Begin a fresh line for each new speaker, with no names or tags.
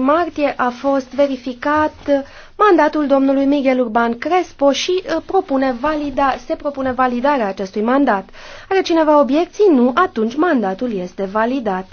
martie a fost verificat mandatul domnului Miguel Urban Crespo și uh, propune valida, se propune validarea acestui mandat. Are cineva obiecții? Nu, atunci mandatul este validat.